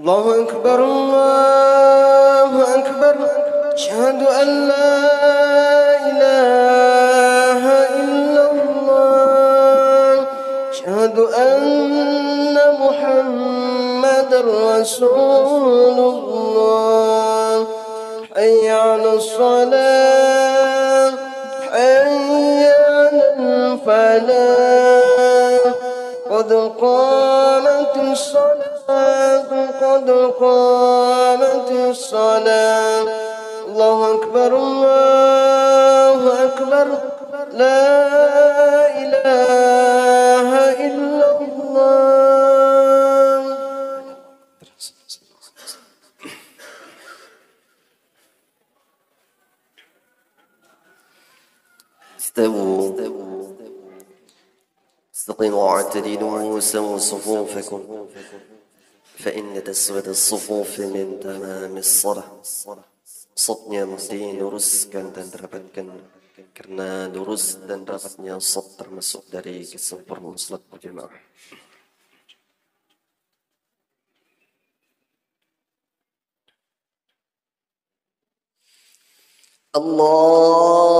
الله أكبر الله أكبر أشهد أن لا إله إلا الله أشهد أن محمد رسول الله حي على الصلاة حي على الفلاح قد قامت الصلاة قد قامت الصلاة الله أكبر الله أكبر لا إله إلا الله استووا استقيموا واعتدلوا سووا صفوفكم فإن تسود الصفوف من تمام الصلاة Sotnya mesti luruskan dan rapatkan karena lurus dan rapatnya sot termasuk dari kesempurnaan salat berjamaah. Allah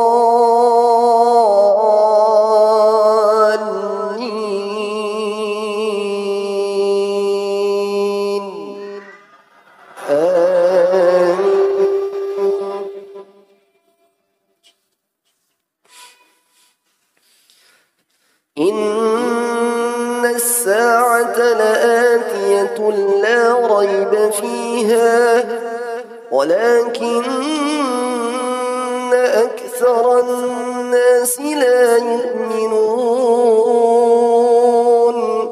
الساعة لآتية لا ريب فيها ولكن أكثر الناس لا يؤمنون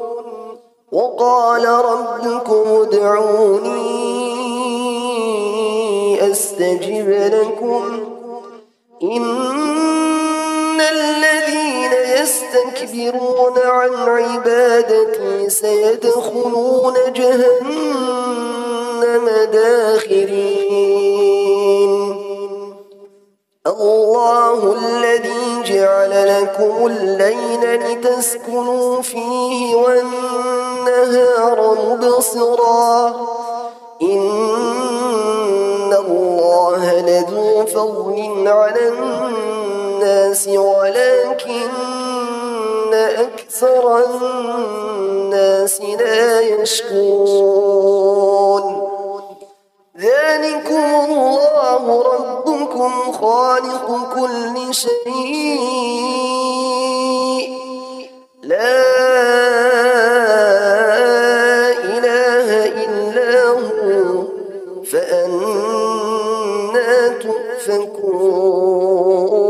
وقال ربكم ادعوني أستجب لكم إن يستكبرون عن عبادتي سيدخلون جهنم داخرين الله الذي جعل لكم الليل لتسكنوا فيه والنهار مبصرا إن الله لذو فضل على الناس ولكن أكثر الناس لا يشكون ذلكم الله ربكم خالق كل شيء لا إله إلا هو فأنا تؤفكون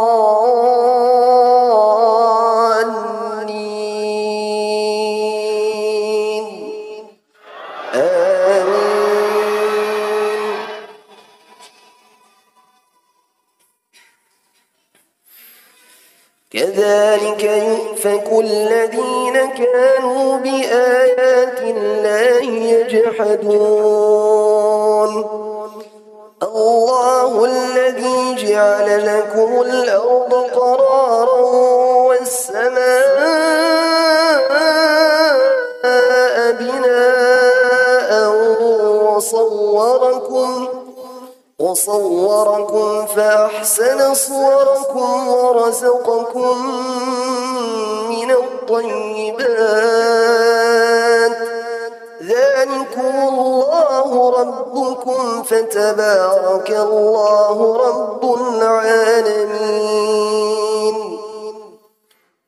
كذلك يؤفك الذين كانوا بآيات الله يجحدون الله الذي جعل لكم الأرض قرارا والسماء وصوركم فأحسن صوركم ورزقكم من الطيبات ذلكم الله ربكم فتبارك الله رب العالمين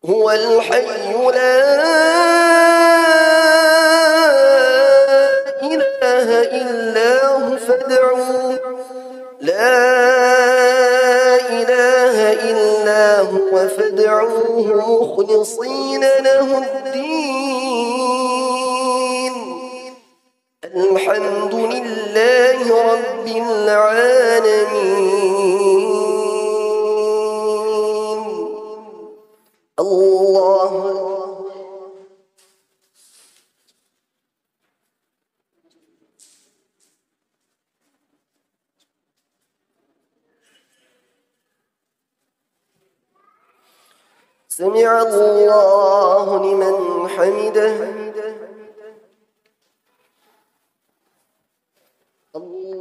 هو الحي لا إلا هو فادعوه لا إله إلا هو فادعوه مخلصين له الدين الحمد لله رب العالمين الله سمع الله لمن حمده الله